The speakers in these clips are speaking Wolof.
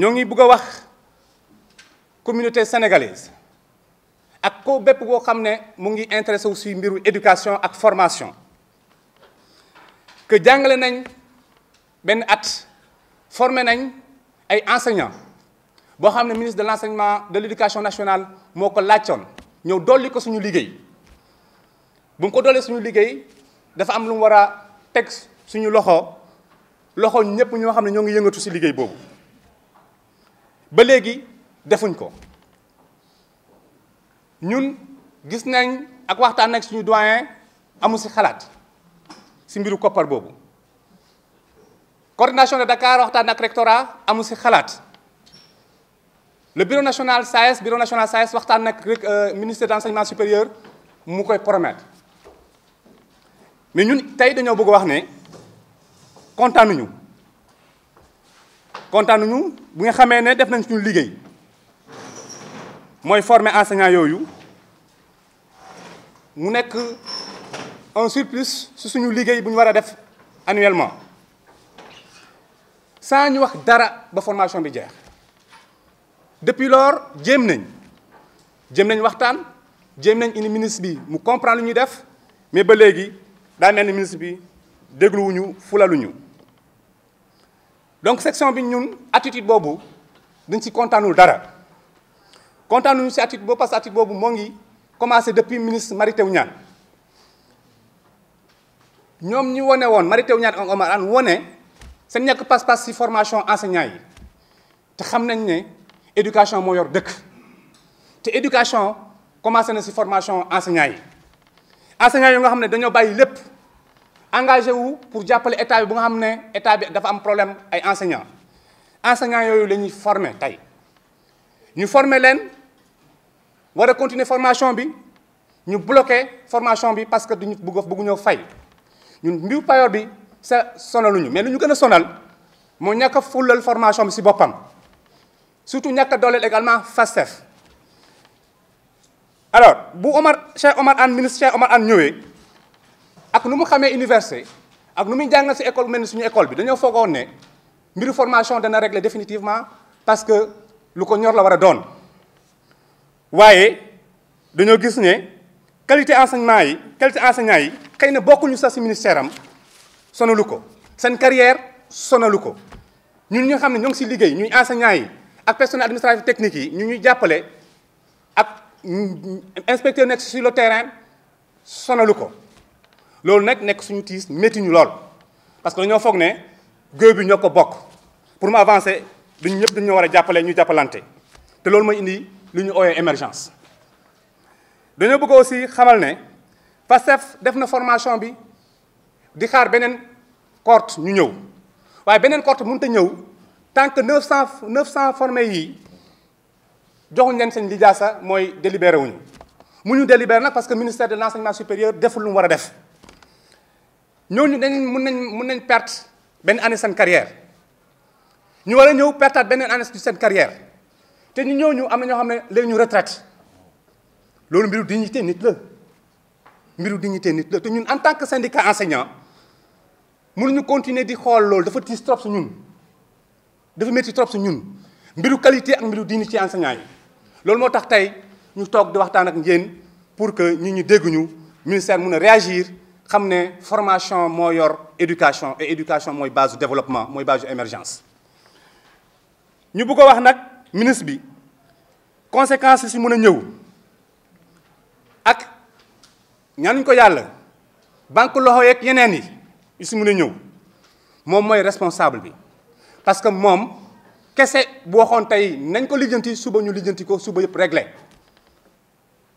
ñoo ngi bëgg wax communauté sénégalaise ak ko bépp boo xam ne mu ngi intéressé wu mbiru éducation ak formation que jàngale nañ ben at formé nañ ay enseignants boo xam ministre de l'enseignement de l'éducation nationale moo ko laajoon ñëw dolli ko suñu liggéey bu ko doolee suñu liggéey dafa am lu wara tek suñu loxo loxo ñepp ñoo xam ñoo ngi yëngatu ci liggéey bobu ba légui defuñ ko ñun gis nañ ak waxtaan nak suñu doyen amu ci xalaat ci mbiru koppar bobu coordination de Dakar waxtaan nak rectorat amu ci xalaat le bureau national SAES e bureau national SAES e waxtaan ak euh, ministère d'enseignement supérieur mu koy promettre mais ñun tay dañu bëgg wax né ne kontaanuñu kontaanuñu bu nga xamé né def nañ suñu liggéey moy former enseignant yoyu mu nekk un surplus su suñu liggéey bu ñu war def annuellement sans ñu wax dara ba formation bi jeex depuis lors jëm nañ jëm nañ waxtaan jëm nañ une ministre bi mu comprendre lu ñuy def mais ba légui les ministres ni ministre bi à fulaluñu donc section bi ñun attitude boobu duñ ci kontaanul dara kontaanuñu ci attitude boobu parce que attitude boobu moo ngi commencé depuis ministre Mary Teuw Niane ñoom ñi wone woon Mary Teuw on ak Oumar Anne wone seen ñàkk pas-pas ci formation enseignant yi te xam nañ ne éducation moo yor dëkk te éducation commencé na ci formation enseignant yi enseignant yi nga xam ne dañoo bàyyi lépp engagé wu pour jàppale état bi nga xam état bi dafa am problème ay enseignants enseignants yoyu lañuy former tey ñu former leen war a continuer formation bi ñu bloquer formation bi parce que duñu bëgg bëggu fay ñun mbiru payor bi sa ñu mais ñu gëna sonal mo ñaka fulal formation bi ci bopam surtout ñaka a également FASTEF alors bu Omar Cheikh Omar an ministre Cheikh Omar an ñëwé ak nu mu xamee université ak nu muy école suñu école bi formation régler définitivement parce que lu ko ñor la war doon qualité enseignement yi qualité enseignant yi ministère am sonalu carrière sonalu ko ñun xam ne ñuy enseignant yi ak personnel technique yi ñu ñuy inspecteur le terrain sonalu loolu nag nekk suñu tiis mettiñu lool parce que dañoo foog ne géew bi ñoo ko bokk pour mu avancer dañu ñëpp dañu war a jàppale ñu jàppalante te loolu mooy indi li ñu ooyee émergence. dañoo bëgg aussi xamal ne fasef def na formation bi di xaar beneen corte ñu ñëw waaye beneen corte mënut a ñëw tant que 900 900 formés yi joxuñ leen seen lijaasa mooy délibéré wuñu mu ñu délibéré nag parce que ministère de l'enseignement supérieur deful lu mu war a def. Nous dañ mën nañ nañ année carrière Nous war a ñëw année seen carrière te ñu nous am na nous xam retraite loolu mbiru dignité nit la dignité nit en tant que syndicat enseignant mënuñu continuer di xool loolu dafa tiis trop nous. ñun dafa métti trop su ñun qualité et mbiru dignité enseignant yi loolu moo tax tey ñu di pour que nous ñu ministère réagir xam formation est l'éducation éducation et éducation est base développement base d'émergence. Nous voulons dire wax ministre conséquences Nous ak banque responsable parce que nous kese bu nous nañ réglé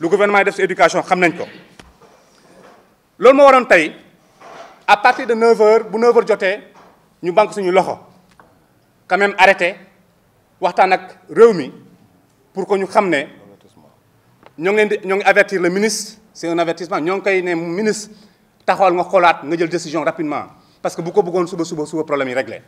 Le gouvernement de l'éducation, éducation xam ce que loolu à partir de 9h bu 9h nous ñu banque suñu quand même arrêté waxtaan ak pour que nous, xam nous avertir le ministre c'est un avertissement nous dit que le ministre a nga une décision rapidement parce que beaucoup de problèmes sont suba problème